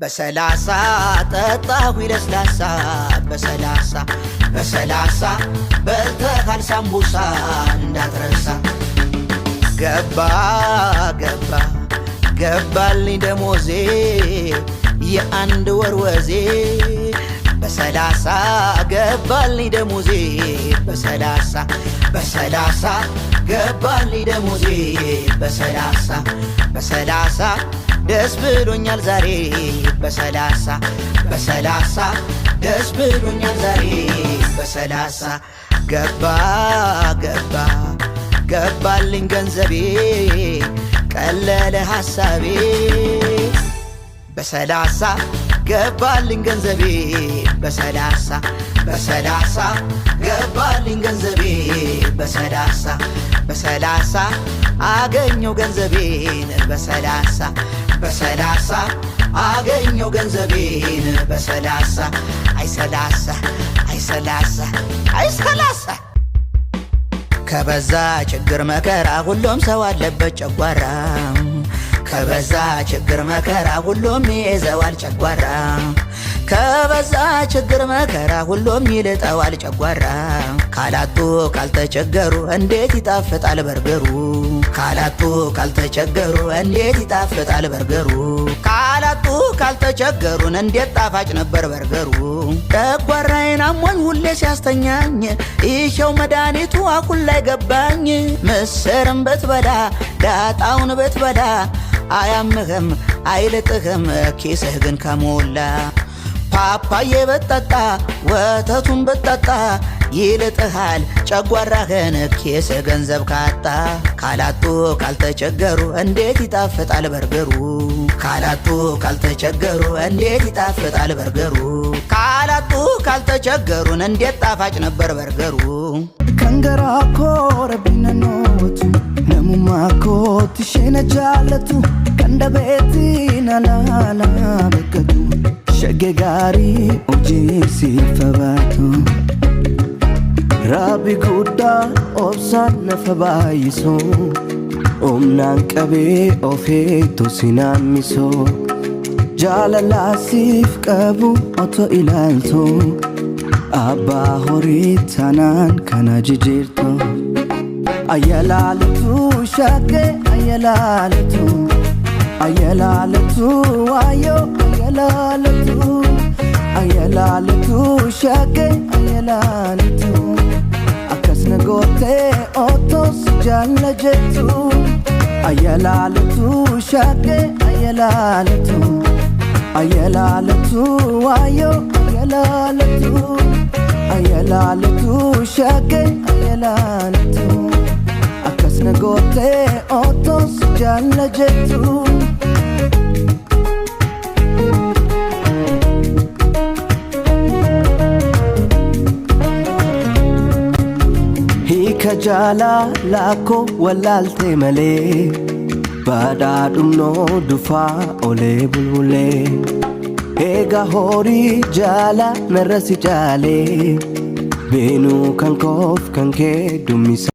በሰላሳ ጠጣሁ ለስላሳ በሰላሳ በሰላሳ በልተሃል ሳምቡሳ እንዳትረሳ ገባ ገባ ገባልኝ ደሞዜ የአንድ ወር ወዜ በሰላሳ ገባልኝ ደሞዜ በሰላሳ በሰላሳ ገባልኝ ደሞዜ በሰላሳ በሰላሳ ደስ ብሎኛል ዛሬ በሰላሳ በሰላሳ ደስ ብሎኛል ዛሬ በሰላሳ ገባ ገባ ገባልኝ ገንዘቤ ቀለለ ሐሳቤ በሰላሳ ገባልኝ ገንዘቤ በሰላሳ በሰላሳ ገባልኝ ገንዘቤ በሰላሳ በሰላሳ አገኘው ገንዘቤን በሰላሳ በሰላሳ አገኘው ገንዘቤን በሰላሳ አይሰላሳ አይሰላሳ አይሰላሳ ከበዛ ችግር መከራ ሁሉም ሰው አለበት ጨጓራ ከበዛ ችግር መከራ ሁሉም ይዘዋል ጨጓራ ከበዛ ችግር መከራ ሁሉም ይልጠዋል ጨጓራ ካላቱ ካልተቸገሩ እንዴት ይጣፍጣል በርገሩ ካላቱ ካልተቸገሩ እንዴት ይጣፍጣል በርገሩ ካላቱ ካልተቸገሩን እንዴት ጣፋጭ ነበር በርገሩ ጨጓራዬን አሞኝ ሁሌ ሲያስተኛኝ ይሸው መድኃኒቱ አኩል ላይ ገባኝ ምስርን ብትበላ ዳጣውን ብትበላ አያምህም አይልጥህም ኪስህ ግን ከሞላ ፓፓዬ በጠጣ ወተቱን በጠጣ ይልጥሃል ጨጓራህን ኪስህ ገንዘብ ካጣ። ካላጡ ካልተቸገሩ እንዴት ይጣፍጣል በርገሩ? ካላጡ ካልተቸገሩ እንዴት ይጣፍጣል በርገሩ? ካላጡ ካልተቸገሩን እንዴት ጣፋጭ ነበር በርገሩ? ከንገራኮ ረቢነኖቱ ለሙማኮ ትሼነጃለቱ kanda beti na bekatu shage gari si fabatu rabi beekatu Shagge na fabai so om Rabbi kabe ofe to baay'isu Humnaan jala ofeetu si naammisu Jaalalaasiif qabu otoo hori tanan kana jijirto ayala lutu Ayyalaalatu ayala lutu አየላለቱ ዋየው አየላለቱ አየላለቱ ሸቄ አየላለቱ አከስ ነጎቴ ኦቶ ስጃለጀቱ አየላለቱ ሸቄ አየላለቱ አየላለቱ ዋየው አየላለቱ አየላለቱ ሸቄ አየላለቱ አከስ ነጎቴ ኦቶ jaalaa lakkoo wallaaltee malee baadhaa dhumnoo dufaa olee bulbulee eega horii jaalaa narrasi caalee beenuu kan koof kan kee dummisa.